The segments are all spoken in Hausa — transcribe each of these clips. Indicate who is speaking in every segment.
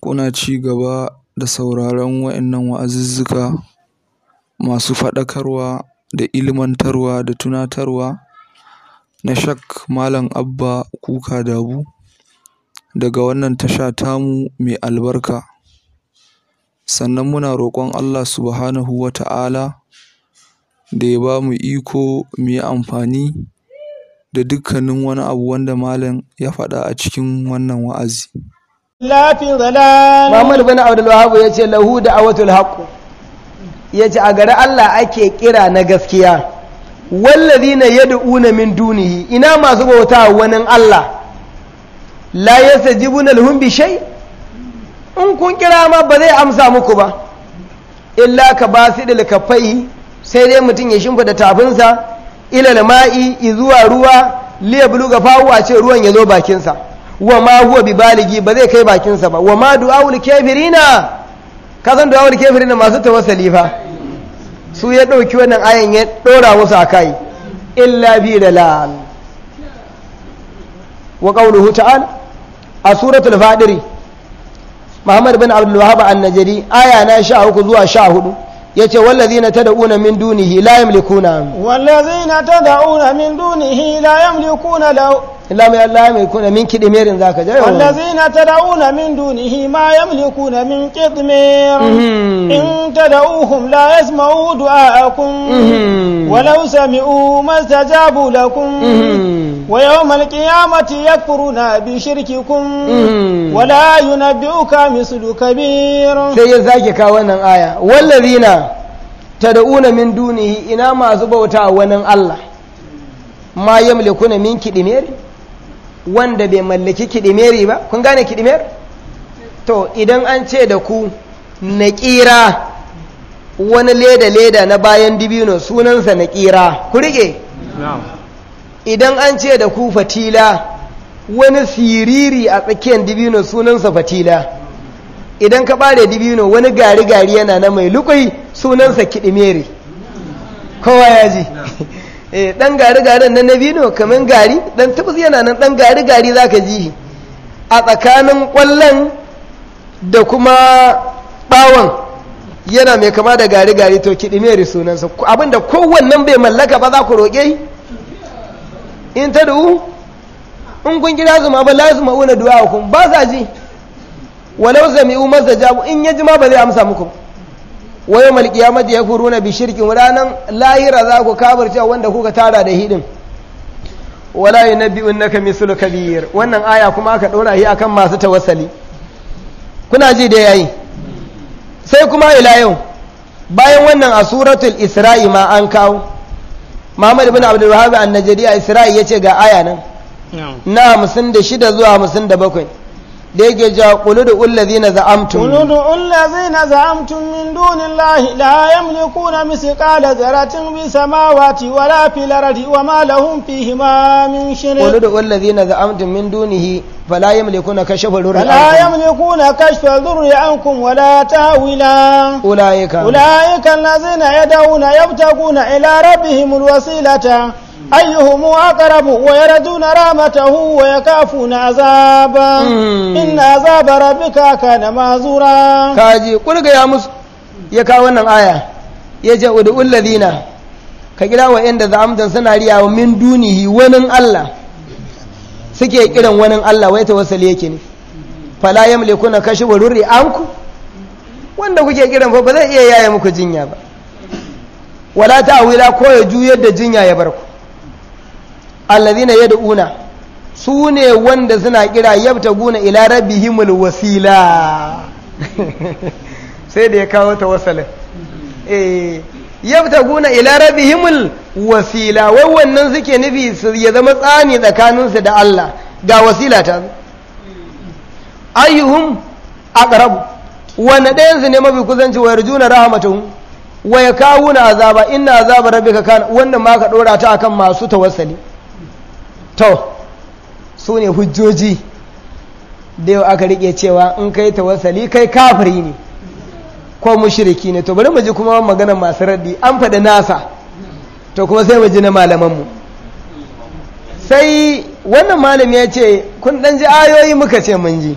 Speaker 1: kuna ci gaba da sauraron waɗannan wa'azuzzuka masu faɗakarwa da ilmantarwa da tunatarwa na Shak Malam Abba Kuka Dabu daga wannan tasha tamu mai albarka sannan muna roƙon Allah subhanahu wa ta'ala da ya ba mu iko mu yi amfani da dukkanin wani abu wanda malam ya faɗa a cikin wannan wa'azi.
Speaker 2: Muhammadu fi Muhammad bin Abdul Wahhab yace lahu da'watul haqq
Speaker 1: yace a gari Allah ake kira na gaskiya wallazina yad'una min dunihi ina masu bauta wani Allah la ji lahum bi shay in kun kira ma ba zai amsa muku ba illa ka basidil kafai sai dai mutum ya shimfida tafinsa ilal ma'i zuwa ruwa liya ga fahu a ce ruwan ya zo bakinsa wa ma huwa bi baligi ba zai kai bakinsa ba wa ma du'aul kafirina ka san du'aul kafirina masu tawassali fa su ya dauki wannan ayan ya dora musu akai illa bi dalal wa qawluhu ta'ala a suratul fadiri Muhammad bin Abdul Wahhab an-Najdi aya na 13 zuwa 14 yace wallazina tad'una min dunihi la yamlikuna wallazina tad'una min dunihi la yamlikuna illa mai Allah mai kuna min kidimirin zaka je wallazina
Speaker 2: tad'una min dunihi ma yamlikuna min qitmir mhm. in tad'uhum la yasma'u du'aakum mhm. walau sami'u mastajabu lakum mhm. wa yawm alqiyamati yakfuruna bi shirkikum wa la yunabbi'uka mislu kabir sai ya
Speaker 1: zaki ka wannan aya wallazina tad'una min dunihi ina masu bauta wannan Allah ma yamlikuna min kidimirin wanda bai mallaki kidimeri ba kun gane kidimer to idan an ce da ku na kira wani leda-leda na bayan dibino sunansa na kira, ku rike idan an ce da ku fatila wani siriri a tsakiyar dibino sunansa fatila idan ka bare dibino wani gari-gari yana na mai lukwai sunansa kidimeri kowa ya ji Eh, dan gari-garin na nabino kamar gari dan tubus yana nan dan gari-gari za ka ji a tsakanin kwallon da kuma bawon yana mai kama da gari-gari to kiɗimiyar sunansa abinda kowannan bai mallaka ba za ku roƙe in ta du'u in kun gida ma ba lazuma una du'a kun ba za ji walau zami'u mazajabu in ya ji ma ba zai amsa muku wa yawmal ya yakfuruna bi shirkin ranan lahira za ku kabar cewa wanda kuka tara da hidin wala yunabbi'unaka mithlu kabiyar? wannan aya kuma aka dora shi akan masu tawassali kuna ji da yayi sai kuma ila yau bayan wannan a suratul isra'i ma an kawo Muhammad ibn Abdul Wahhab an-Najdi a Isra'i yace ga aya nan na 56 zuwa 57 da yake ja qulu du allazina za'amtum kuludu
Speaker 2: du allazina za'amtun min dunillahi la yamlikuna misqala zaratin bi samawati wala fil ardi wama lahum fi ma min shirk kuludu du allazina
Speaker 1: za'amtun min dunihi
Speaker 2: fala yamlikuna kashfa dhurri fala yamlikuna kashfa dhurri ankum wala tawila ulaika ulaika allazina yad'una yabtaguna ila rabbihim wasilata. أيهم أقرب ويردون رامته ويكافون عذابا إن عذاب ربك كان معذورا كاجي قل يا مس يا كاونا آية
Speaker 1: يجا ودعو الذين كجلا وإن ذعمت سناريا ومن دونه ونن الله suke kiran wani Allah wai tawassal yake ne fala yamlikuna kashfu rurri anku wanda kuke kiran fa ba zai iya yaya muku jinya ba wala ta'wila ko ya juyar da jinya ya barku alladhina yad'una su ne wanda suna kira yabtaguna ila rabbihimul wasila sai da ya kawo tawassulin eh yabtaguna ila rabbihimul wasila wai wannan suke nufi su ya zama tsani tsakaninsu da Allah ga wasila ta ayyuhum aqrab wanda ɗayan su ne mafi kusanci wa yarjuna rahmatun wa yakawuna azaba inna azaba rabbika kana wannan ma ka dora ta akan masu tawassuli to su ne hujjoji da yau aka rike cewa in kai tawassali kai kafiri ne ko mushriki ne to bari mu ji kuma magana masu raddi an faɗi nasa to kuma sai mu ji na malamanmu sai wannan malamin ya ce kun ɗan ji ayoyi muka ce mun ji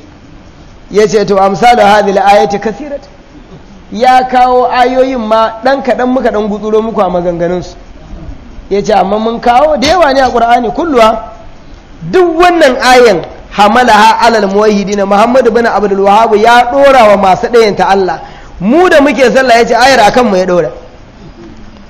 Speaker 1: ya ce to amsa hadhihi al-ayati kasirat ya kawo ayoyin ma ɗan kaɗan muka ɗan gutsuro muku a maganganunsu ya ce amma mun kawo da yawa ne a ƙura'ani kulluwa duk wannan ayan hamalaha alal na muhammadu bin abdul wahabu ya dora wa masu ɗayanta Allah mu da muke sallah ya ce ayar akan mu ya dora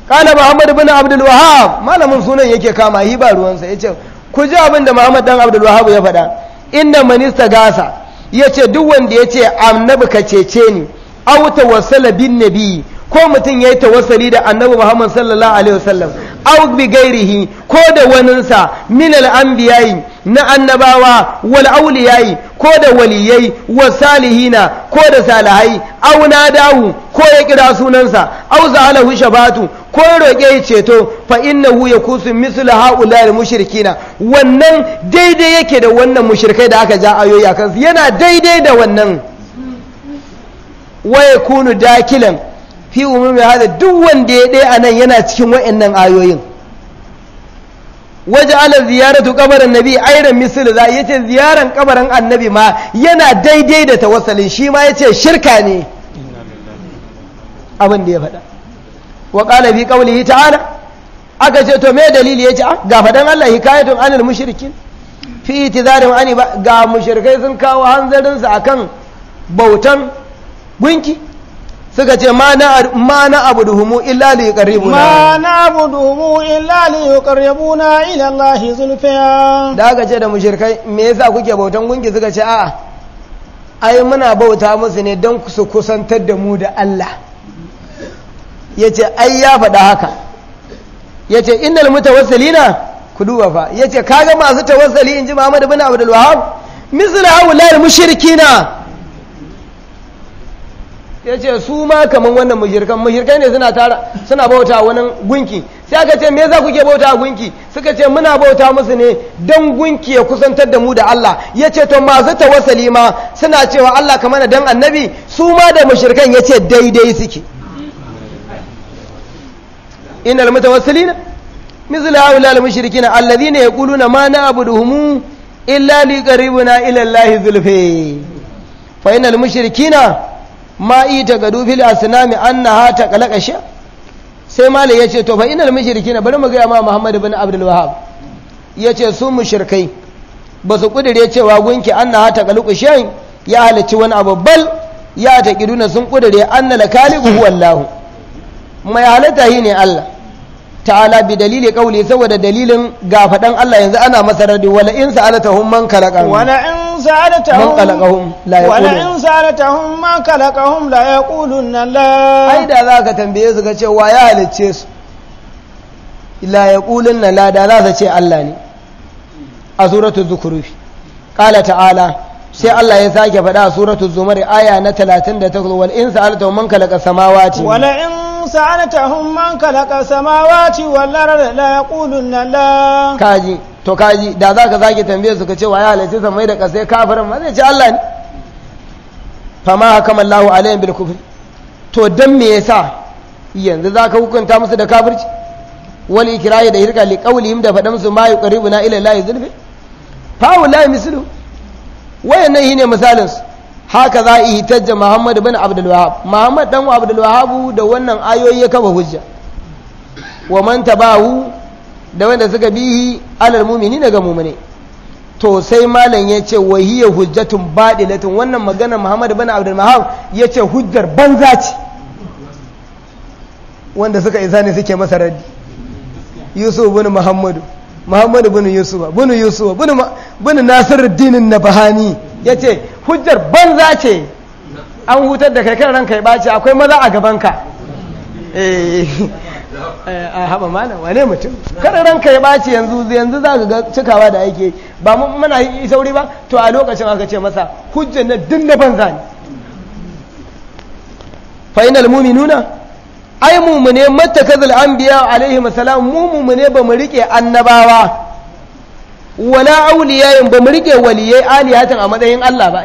Speaker 1: kana muhammadu bin abdul wahab malamin sunan yake kama hi ba ruwansa ya ce ku ji abin da muhammadu dan abdul wahabu ya faɗa inda minista gasa ya ce duk wanda ya ce annabi ka cece ni auta wasala bin nabi ko mutum ya yi tawassali da annabi Muhammad sallallahu alaihi wasallam aw bi gairihi ko da waninsa min al-anbiya'i na annabawa wal awliya'i ko da waliyai wa salihina ko da salihai aw nadahu ko ya kira sunansa aw zahalahu shabatu ko ya roƙe ceto fa innahu yakusu mislu al mushrikina wannan daidai yake da wannan mushrikai da aka ja ayoyi akan yana daidai da wannan wa kunu dakilan fi umumi hada duk wanda ya ɗaya anan yana cikin wa'annan ayoyin waje ala ziyaratu kabarin nabi ayran misal za yace ziyaran kabarin annabi ma yana daidai da tawassalin shi ma ya shirka ne abin da ya faɗa wa qala fi qawlihi ta'ala aka ce to me dalili yace ah, ga faɗan Allah hikayatun anil mushrikin fi itizarin ani ga mushrikai sun kawo hanzarinsa akan bautan gunki suka ce ma na abu da humu illa li yuqarribuna ma
Speaker 2: na abu da humu illa li na ila Allah
Speaker 1: zulfiya da aka ce da mushrikai me yasa kuke bautan gungi suka ce a'a ai muna bauta musu ne don su kusantar da mu da Allah Ya ce ai ya faɗa haka Ya ta innal na? ku duba fa yace kaga masu tawassali inji Muhammad ibn Abdul Wahhab mislu haula al mushrikina ya ce su ma kamar wannan mashirkan mushirkai ne suna tara suna bauta wani gunki sai aka ce me za ku ke bauta gunki suka ce muna bauta musu ne don gunki ya kusantar da mu da Allah ya ce to masu tawassali ma suna cewa Allah kamar na don annabi su ma da mashirkan ya ce daidai suke na innal mutawassilina na هؤلاء abu da يقولون ما نعبدهم إلا na إلى الله زلفي mashirki na. ma ita ga dufil asnami annaha ta shi sai malai yace to fa innal mushrikin bari mu ga ma Muhammad ibn Abdul Wahhab yace su mushrikai ba su kudire cewa gunki annaha ta shi ya halici wani abu bal ya ta kiduna sun kudire annal khaliqu huwa Allah mai halatta yi ne Allah ta'ala bi dalili kauli saboda dalilin ga gafadan Allah yanzu ana masa radi wala in sa'alatahum man khalaqahum wala
Speaker 2: in sa'alatahum man
Speaker 1: khalaqahum la yaqulun wala in
Speaker 2: sa'alatahum man khalaqahum la yaqulun la ai da zaka tambaye su ka ce wa
Speaker 1: ya halicce su la yaqulun la da za su ce Allah ne a suratul zukhruf qala ta'ala sai Allah ya sake faɗa a suratul zumar aya na 38 wal in sa'alta man khalaqa samawati wala in
Speaker 2: سألتهم من خلق السماوات والأرض ليقولن الله
Speaker 1: Kaji to kaji da zaka ka zage tambaye su ka ce wa ya halarci samai da kasai kafirin ma zai ci Allah ne Fa fama haka mallahu alayhim bil kufri to dan me yasa yanzu za ka hukunta musu da kafirci wal ikrahi da hirka li qawlihim da fadan su ma yuqribuna ila allahi zulfi fa ulai mislu wayannan shine misalin su haka za a ihtajja Muhammad bin Abdul Muhammad dan Abdul Wahhab da wannan ayoyi ya kafa hujja wa man tabahu da wanda suka bihi alal mu'mini ga mu'mine to sai malam ya ce wa hiya hujjatun badilatun wannan magana Muhammad bin Abdul ya ce hujjar banza ce wanda suka ne suke masa raddi Yusuf bin Muhammadu muhammadu bin yusufa bin yusufa bin nasiruddin nabahani ya ce hujjar banza ce an hutar da kai kan ranka ya ɓace akwai maza a gabanka a eh, eh, eh, haɓa mana wane mutum kan ranka ya ɓace yanzu yanzu za ga cikawa da aiki ba muna yi sauri ba to a lokacin aka ce masa hujjar na duk na banza ne fa'inal muminuna ai mumune mattakazal anbiya alaihi salam mu mumune ba mu rike annabawa wala auliyayin ba mu rike waliyai aliyatan a matsayin Allah ba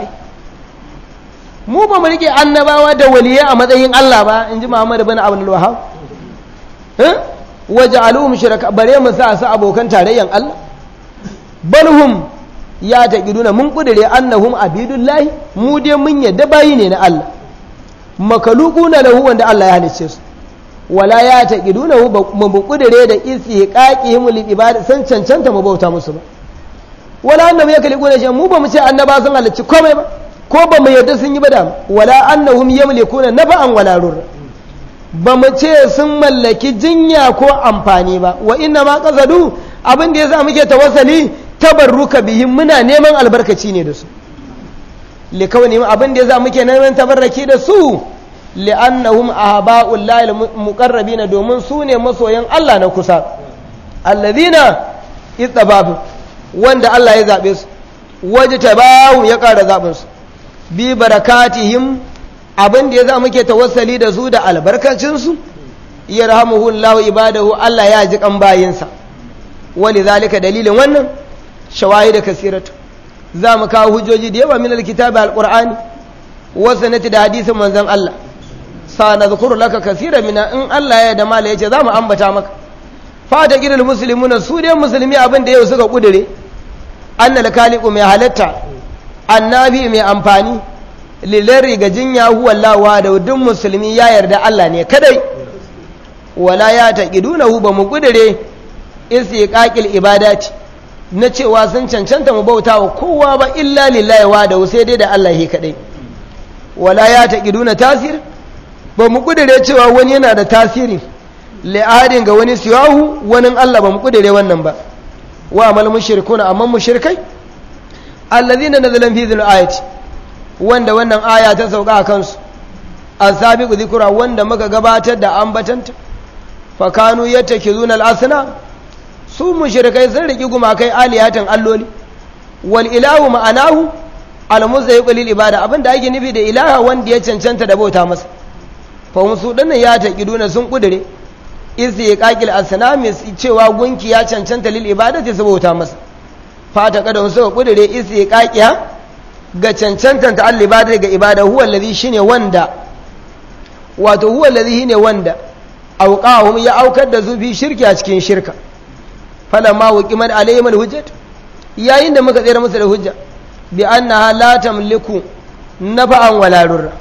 Speaker 1: mu ba mu rike annabawa da waliyai a matsayin Allah ba in ji Muhammad bin Abdul Wahhab waja'aluhum shuraka bare mu sa su abokan tarayyan Allah balhum ya taqiduna mun kudire annahum abidullahi mu dai mun yadda bayi ne na Allah makalukuna lahu wanda Allah ya halicce su wala ya ta ƙiduna ba mu ƙudure da isi ƙaƙi mu da san cancanta mu bauta musu ba wala annabi ya kali ƙuna mu ba mu ce annaba sun halarci komai ba ko ba mu yarda sun yi ba da wala annahum yamlikuna nafa'an wala rurra ba mu ce sun mallaki jinya ko amfani ba wa inna ma qasadu abin da yasa muke tawassali tabarruka bihim muna neman albarkaci ne da su likawani abin da yasa muke neman tabarraki da su li'annahum ahaba'ul lahil muqarrabina domin su ne masoyan Allah na kusa allazina ittababu wanda Allah ya zabe su waje tabawu ya kara zaben su bi barakatihim abin da yasa muke tawassali da su da albarkacin su yarhamuhu Allahu ibadahu Allah ya ji kan bayinsa wani zalika dalilin wannan shawahi da kasiratu za mu kawo hujjoji da yawa min alkitabi alqur'ani wasu nati da hadisin manzon Allah sa nadhkuru laka kaseera mina in Allah ya da mala yace zamu ambata maka fata gidal muslimuna su dai musulmi abin da yau suka kudure annal khaliqu mai halatta annabi mai amfani lilari ga jinya huwa lawa da duk musulmi ya yarda Allah ne kadai wala ya hu ba mu kudure istiqaqil ibadati na cewa sun cancanta mu bauta wa kowa ba illa lillahi wa da sai dai da Allah shi kadai wala ya taqiduna tasir ba mu kudure cewa wani yana da tasiri laadin ga wani siyahu wani Allah ba mu kudure wannan ba wa amal mushrikuna amma mushrikai alladhina nazalan fi dhil ayati wanda wannan aya ta sauka a kansu asabiqu dhikra wanda muka gabatar da ambatanta Fa kanu yatakizuna al-asna su mushrikai sun riki gumakai aliyatan alloli wal ilahu ma'anahu al muzayyiqu lil ibada abinda ake nufi da ilaha wanda ya cancanta da bauta masa fahim su ɗannan ya taƙi duna sun ƙudure isi ya ƙaƙil asanami cewa gunki ya cancanta lil ibadati saboda masa fata kada wasu ka ƙudure isi ya ƙaƙiya ga cancanta ta al ibadati ga ibada huwa allazi shine wanda wato huwa allazi shine wanda auqahum ya aukar da zubi shirki a cikin shirka falamma wuqimat alayhim alhujjat yayin da muka tsere musu da hujja bi annaha la tamliku nafa'an wala rurra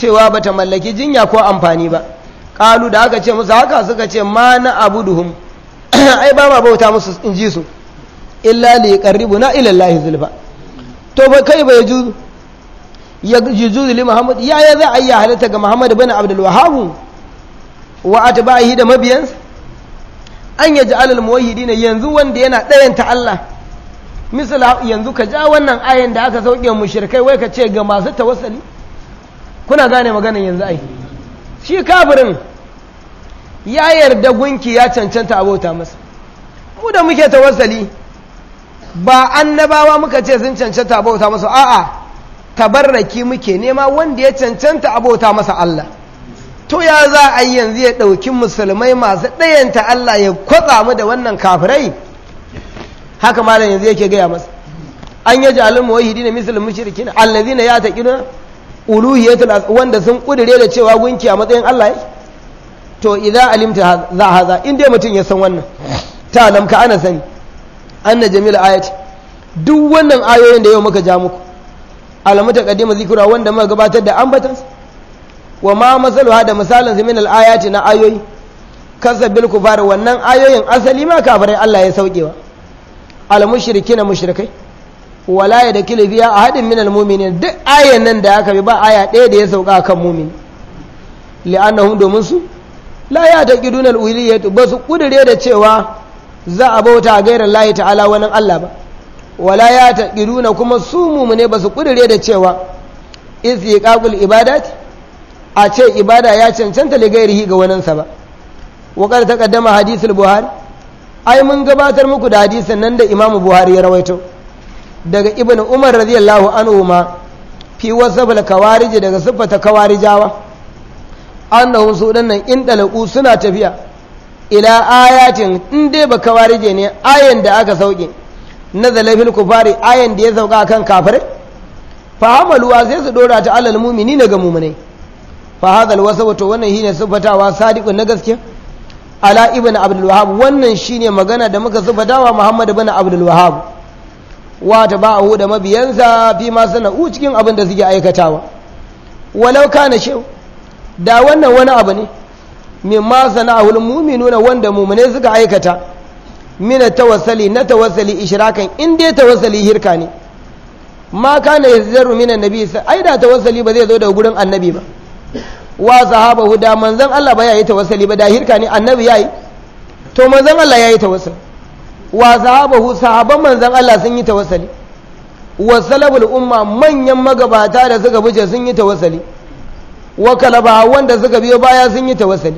Speaker 1: cewa ta mallaki jinya ko amfani ba ƙalu da aka ce musu haka suka ce ma na duhun ai ba ma bauta musu in ji su illa li karibu na ila zulfa to ba kai bai ju ya juzu li Muhammad ya ya za a yi halatta ga Muhammad bin Abdul Wahhab wa atba'ihi da mabiyansa an yaj'al al muwahhidina yanzu wanda yana dayanta Allah misali yanzu ka ja wannan ayin da aka sauke mushrikai wai ka ce ga masu tawassali kuna gane maganin yanzu ai shi kafirin ya yarda gunki ya cancanta abota masa mu da muke tawassali ba annabawa muka ce sun cancanta abota masa a'a tabarraki muke nema wanda ya cancanta abota masa Allah to ya za a yi yanzu ya ɗauki musulmai masu ɗayanta Allah ya kwatsa mu da wannan kafirai haka malam yanzu yake gaya masa an yaji alin mawahidi na misalin mushrikina allazina ya taƙi uluhiyatul wanda sun kudure da cewa gunki a matsayin Allah to idza alimta za haza in dai mutum ya san wannan ta alam ka ana sani anna jamil ayati duk wannan ayoyin da yau muka ja muku alamu taqaddima zikra wanda muka gabatar da ambatan wa ma masalu hada misalin su min ayati na ayoyi kasabil kufar wannan ayoyin asali ma kafirai Allah ya saukewa al mushrikina mushrikai Walaya ya da kilifiya a haɗin min almuminin duk ayan nan da aka bi ba aya ɗaya da ya sauka a kan mumini li'annahum domin su la ya ta ba su ƙudure da cewa za a bauta a gairar layi ta'ala wani allah ba wala ya ta ƙiduna kuma su mumune ba su ƙudure da cewa is yi ƙaƙul ibadat a ce ibada ya cancanta gairihi ga sa ba wakar ta ƙaddama hadisul buhari ai mun gabatar muku da hadisin nan da imamu buhari ya rawaito daga ibn umar radiyallahu anhu ma fi kawarij daga siffata kawarijawa annahum su dinnan in dalaku suna tafiya ila ayatin in dai ba kawarije ne ayan da aka sauke na zalafil kufari ayan da ya sauka kan kafar fa hamaluwa sai su dora ta alal mumini na ga muminai fa hadal wasabu to wannan shine siffatawa sadiqun na gaskiya ala ibn abdul wannan wannan shine magana da muka siffatawa muhammad ibn abdul wa tabahu da mabiyansa fi ma sana'u cikin abin da suke aikatawa walau kana shi da wannan wani abu ne mimma sana'ahu nuna wanda mu'mine suka aikata min tawassali na tawassali ishrakan in dai tawassali hirka ne ma kana yazzaru min annabi ai da tawassali ba zai zo daga gurin annabi ba wa sahabahu da manzon Allah ba yayi tawassali ba da hirka ne annabi yayi to manzon Allah yayi tawassali wa sahabahu sahaban manzan Allah sun yi tawassali wa salabul umma manyan magabata da suka buce sun yi tawassali wa kalaba wanda suka biyo baya sun yi tawassali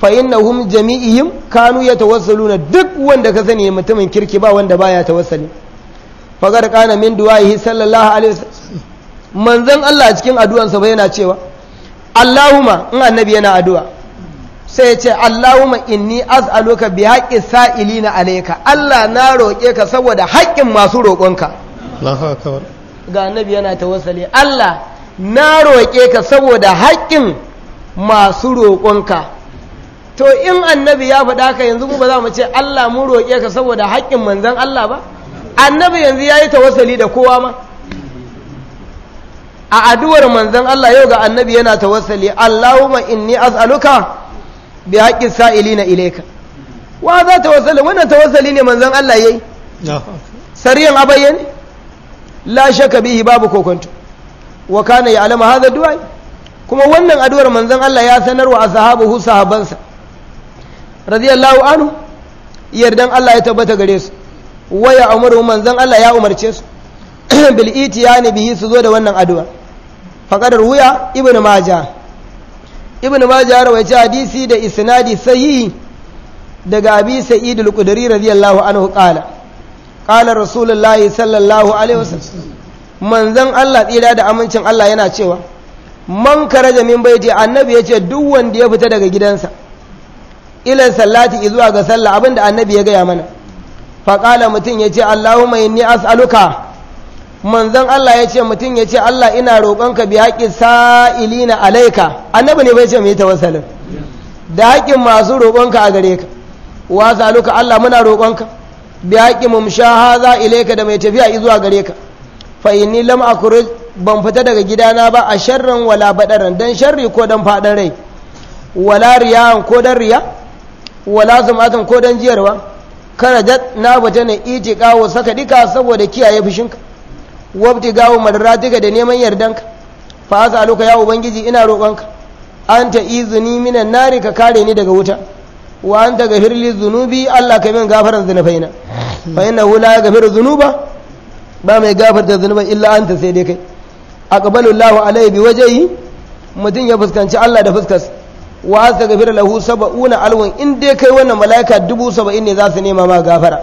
Speaker 1: fa innahum jami'ihim kanu yatawassaluna duk wanda ka sani mutumin kirki ba wanda baya tawassali fagar kana min du'ahi sallallahu alaihi wasallam manzon Allah cikin addu'ansa ba yana cewa Allahumma in annabi yana addu'a sai ce Allahumma inni az'aluka bi haqqi sa'ilina alayka Allah na roƙe ka saboda haƙƙin masu roƙonka
Speaker 2: Allahu akbar
Speaker 1: ga annabi yana tawassali Allah na roƙe ka saboda haƙƙin masu roƙonka to in annabi ya faɗa ka yanzu ba za mu ce Allah mu roƙe ka saboda haƙƙin manzon Allah ba annabi yanzu yayi tawassali da kowa ma a addu'ar manzon Allah yau ga annabi yana tawassali Allahumma inni az'aluka bi haƙƙin sa'ilina ileka wa za ta wasali wannan tawassali ne manzon Allah yayi sariyan abayya la shaka bihi babu kokonto wa kana ya'lamu haza duwai kuma wannan addu'ar manzon Allah ya sanarwa ashabuhu sahabansa radiyallahu anu yardan Allah ya tabbata gare su waya umaru manzon Allah ya umarce su bil itiyani bihi su zo da wannan addu'a faqadar wuya ibnu majah ibn majah ya rawaita hadisi da isnadi sahihi daga abi sa'id al-qudri radiyallahu anhu qala qala rasulullahi sallallahu alaihi wasallam manzon Allah tsira da amincin Allah yana cewa man karaja min baiti annabi yace duk wanda ya fita daga gidansa ila sallati zuwa ga sallah abinda annabi ya gaya mana fa qala mutun yace allahumma inni as'aluka manzon Allah ya ce mutum ya ce Allah ina roƙonka bi haƙi sa'ilina alaika annabi ne bai ce mai tawassalin da haƙin masu roƙonka a gare ka wa zaluka Allah muna roƙonka bi haƙi mu sha haza ilaika da mai tafiya zuwa gare ka fa inni lam akhruj ban fita daga gidana ba a sharrin wala badaran dan sharri ko dan fadan rai wala riyan ko dan riya wala zumatan ko dan jiyarwa karadat na bata ne itiqa wa saka dika saboda kiyaye fushinka wabti gawo duka da neman yardanka fa as'aluka ya ubangiji ina roƙonka anta izini minan nari ka kare ni daga wuta wa anta ghafirli dhunubi Allah ka min gafaran zunubaina fa innahu la yaghfiru dhunuba ba mai gafarta zunuba illa anta sai dai kai aqbalu Allah alayhi bi wajhi mutun ya fuskanci Allah da fuskas wa astaghfiru lahu sab'una alwan in dai kai wannan malaika dubu saba'in ne za su nema ma gafara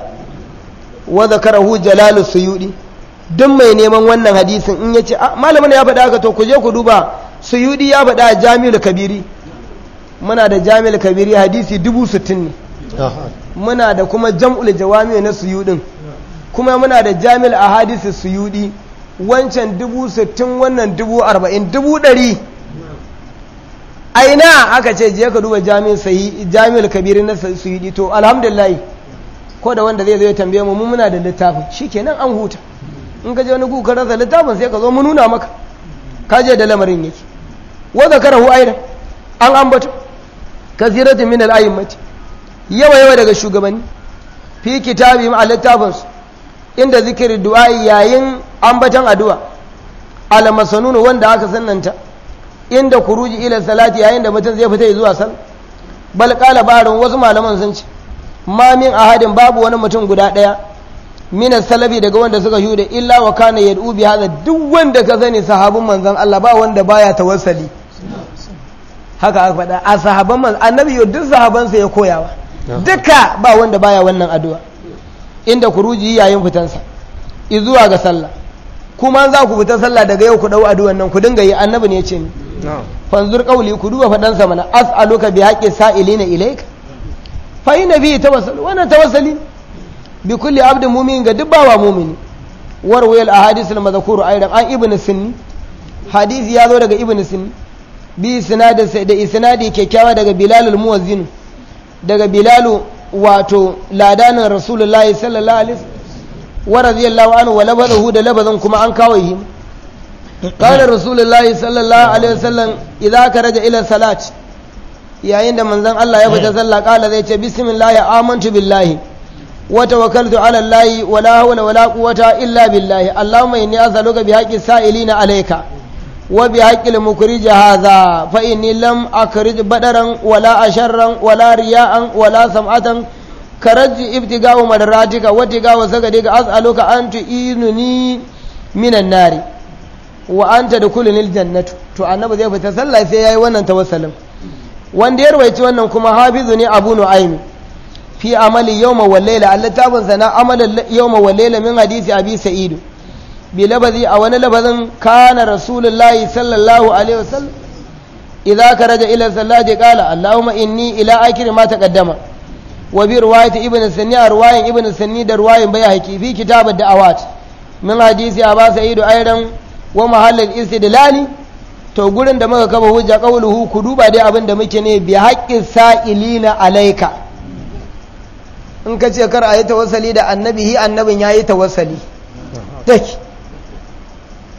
Speaker 1: wa zakarahu jalalu suyudi duk mai neman wannan hadisin in ya ce ah, malamin ya faɗa haka to ku je ku duba yudi ya faɗa a jami'ul kabiri muna da jami'ul kabiri hadisi dubu sittin ne muna da kuma jam'ul jawami na suyudin kuma muna da jami'ul ahadisi suyudi wancan dubu sittin wannan dubu arba'in dubu ɗari aina aka ce je ka duba jami'ul kabiri na suyudi to alhamdulillah ko da wanda zai zo ya tambaye mu muna da littafin shikenan an huta in ka je wani gu rasa littafin sai ka zo mu nuna maka ka je da lamarin yake wa hu aina an ambata kasiratu min al-a'immati yawa yawa daga shugabanni fi kitabihim a littafinsu inda zikirin du'a yayin ambatan addu'a almasanunu wanda aka sananta inda kuruji ila salati yayin da mutum zai fita zuwa sal bal qala wasu malaman sun ce ma min ahadin babu wani mutum guda daya من salafi daga wanda suka shuɗe illa wa يدعو بهذا bi hadha ka sani sahabin وند Allah ba wanda baya tawassali haka aka faɗa a sahaban manzon annabi yau duk sahabansa ya koyawa duka ba wanda baya wannan adu'a inda ruji yayin fitansa izuwa ga sallah kuma za ku fita sallah daga yau ku dau addu'an nan ku dinga yi annabi ne ya ni fanzur kauli ku duba faɗansa mana as'aluka bi haqqi sa'ilina ilayka fa inna bi wannan tawassali bi kulli abdin mumin ga duk bawa mumini warwayal ahadith al madhkuru aidan an ibn sinni hadisi ya zo daga ibn sinni bi sinadi da isnadi kyakkyawa daga bilal al muwazzin daga bilal wato ladanin rasulullahi sallallahu alaihi wa radiyallahu anhu wa labadahu da labadin kuma an kawo yi قال رسول الله صلى الله عليه وسلم إذا كرج إلى yayin da manzon Allah ya fita sallah kala zai ce bismillah amantu billahi وتوكلت على الله ولا حول ولا قوة إلا بالله اللهم إني أسألك بحق السائلين عليك وبحق المخرج هذا فإني لم أخرج بدرا ولا أشرا ولا رياء ولا سمعة كرج ابتغاء مدراتك وابتغاء سكتك أسألك أن تعينني من النار وأن تدخلني الجنة to annabi zai fita sallah sai yayi wannan tawassalin wanda ya rawaici wannan kuma hafizu ne abu nu'aym fi amali yau wal layla Allah ta banza na amalan yawma min hadisi abi sa'id bi labazi a wani labazin kana rasulullahi sallallahu alaihi wasallam idza karaja ila sallati qala allahumma inni ila akhir ma taqaddama wa bi riwayati ibn sunni a riwayan ibn sunni da riwayan bai haki fi kitab ad-da'awat min hadisi aba sa'id ayran wa mahall al-istidlali to gurin da muka kaba hujja qawluhu ku duba dai abin da muke ne bi haqqi sa'ilina alaika. in ka ce kar a yi tawassali da annabi hi annabin ya yi tawassali daki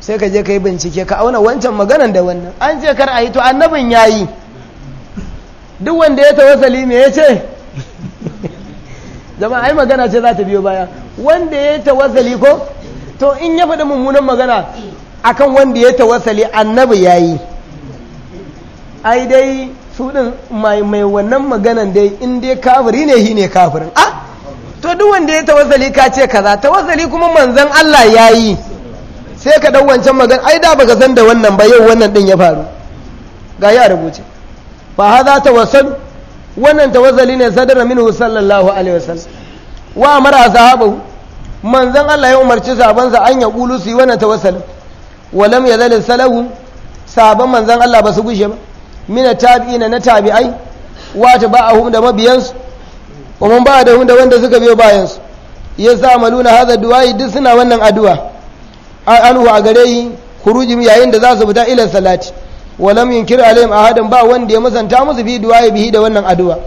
Speaker 1: sai ka je ka yi bincike ka auna wancan maganan da wannan an ce kar a yi to annabin ya yi duk wanda ya tawassali me ya ce jama'a ai magana ce za ta biyo baya wanda ya tawassali ko to in ya faɗi mummunan magana akan wanda ya tawassali annabi ya yi ai dai su ɗin mai wannan maganan dai in dai kafiri ne shi ne kafirin a ah, to duk wanda ya tawassali ka ce kaza tawassali kuma manzan Allah ya yi sai ka dan wancan magana ai da baka san da wannan ba yau wannan din ya faru ga ya rubuce fa hadha tawassal wannan tawassali ne sadara minhu sallallahu alaihi wasallam wa amara sahabu manzan Allah ya umarci sahabansa an ya kulu su yi wannan tawassali walam yazal salahu sahaban manzon Allah ba su gushe ba mina tabi'ina na tabi'ai wata ba'ahum da mabiyansu kuma ba ba'dahum da wanda suka biyo bayansu yasamaluna hadha du'ai duk suna wannan addu'a anhu a gare yi kurujim yayin da za su fita ila salati wa lam yunkir alaihim ahadan ba wanda ya musanta musu fi du'ai bihi da wannan addu'a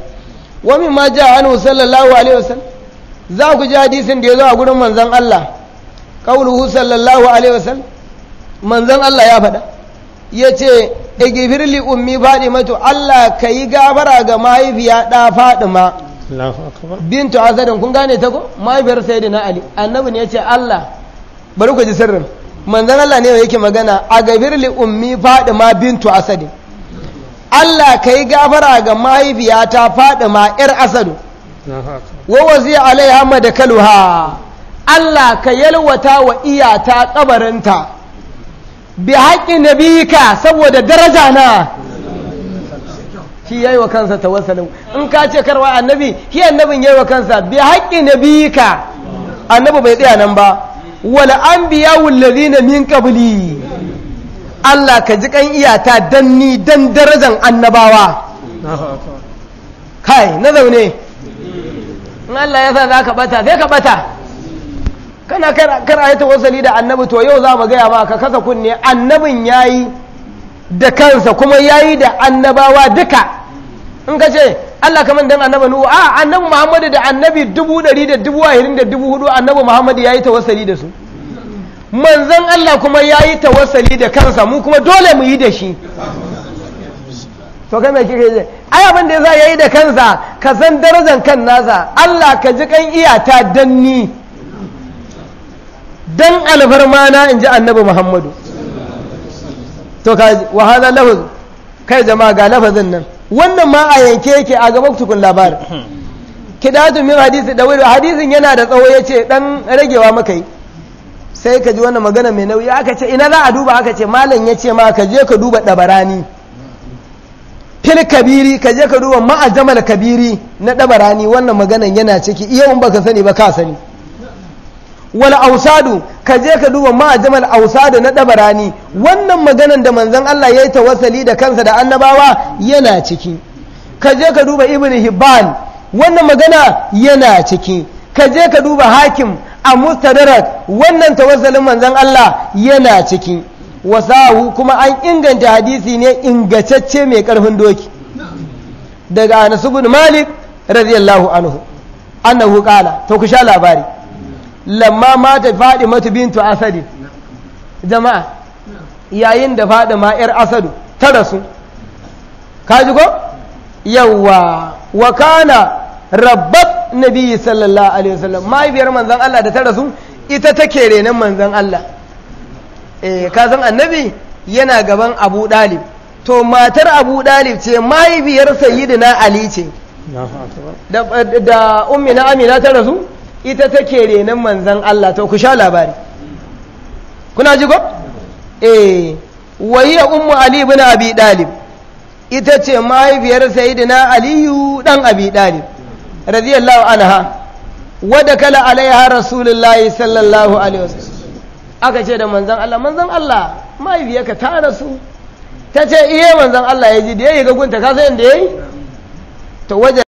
Speaker 1: wa ma ja anhu sallallahu alaihi wasallam za ku ji hadisin da ya zo a gurin manzon Allah qauluhu sallallahu alaihi wasallam manzon Allah ya faɗa ya ce igifirli ummi faɗi mato Allah ka yi gabara ga mahaifiya ɗa ma. bintu asadin kun gane ta ko mahaifiyar sai na ali annabi ne ya ce Allah bari ku ji sirrin manzan Allah ne yake magana a gafirli ummi faɗi ma bintu asadin Allah ka yi gabara ga mahaifiya ta ma ƴar asadu wa wazi alaiha madakaluha Allah ka yalwata wa iyata kabarinta bi haƙƙin nabika saboda daraja na shi yayi wa kansa tawassulin in ka ce karwa annabi shi annabin ya yi wa kansa bi haƙƙin ka. annabi bai tsaya nan ba wal anbiya wallazina min qabli Allah ka ji kan iyata dan ni dan darajan annabawa kai na zaune in Allah ya sa za ka bata sai ka bata kana kar ta wasali da annabi to yau za mu gaya ma ka kasa kunne annabin yayi da kansa kuma yayi da annabawa duka in ka ce Allah kaman dan annabi nuhu a annabi Muhammadu da annabi dubu ɗari da dubu ahirin da dubu hudu annabi Muhammadu yayi wasali da su manzon Allah kuma yayi wasali da kansa mu kuma dole mu yi da shi to kai mai kike je ai abin da yasa yayi da kansa ka san darajar kan nasa Allah ka ji kan iyata danni dan alfarma na in ji annabi muhammadu to ka wahala lafaz kai jama'a ga lafazin nan wannan ma a yanke yake a gaban tukun labarin kidatu min hadisi da wuri hadisin yana da tsawo ya ce dan ragewa maka yi sai ka ji wannan magana mai nauyi aka ce ina za a duba aka ce malam ya ce ma ka je ka duba dabarani fil kabiri ka je ka duba ma'ajamal kabiri na dabarani wannan maganan yana ciki iya in baka sani ba ka sani wal ausadu ka je ka duba jamal ausadu na dabarani wannan maganan da manzon Allah ya yi tawassali da kansa da annabawa yana ciki ka je ka duba ibn hibban wannan magana yana ciki ka je ka duba hakim a mustadrak wannan tawassalin manzon Allah yana ciki wasahu kuma an inganta hadisi ne ingantacce mai karfin doki daga anas ibn malik radiyallahu anhu annahu qala to ku sha labari lamma mata mata bintu asadi jama'a yayin da ma yar asadu ta rasu kaji ko yawwa wa kana rabbat nabi sallallahu alaihi wasallam mahaifiyar manzan Allah da ta rasu ita take renon manzan Allah eh ka san annabi yana gaban Abu Dalib to matar Abu Dalib ce mahaifiyar sayyidina Ali ce da ummi na Amina ta rasu ita take renon manzan Allah to ku sha labari kuna ji ko eh wahiya ummu ali ibn abi dalib ita ce mahaifiyar sayyidina aliyu dan abi dalib radiyallahu anha wadda kala alaiha rasulullahi sallallahu alaihi wasallam aka ce da manzan Allah manzan Allah mahaifiyarka ta rasu ta ce iya manzan Allah ya ji da ya yi gagunta ka san inda ya yi to wajen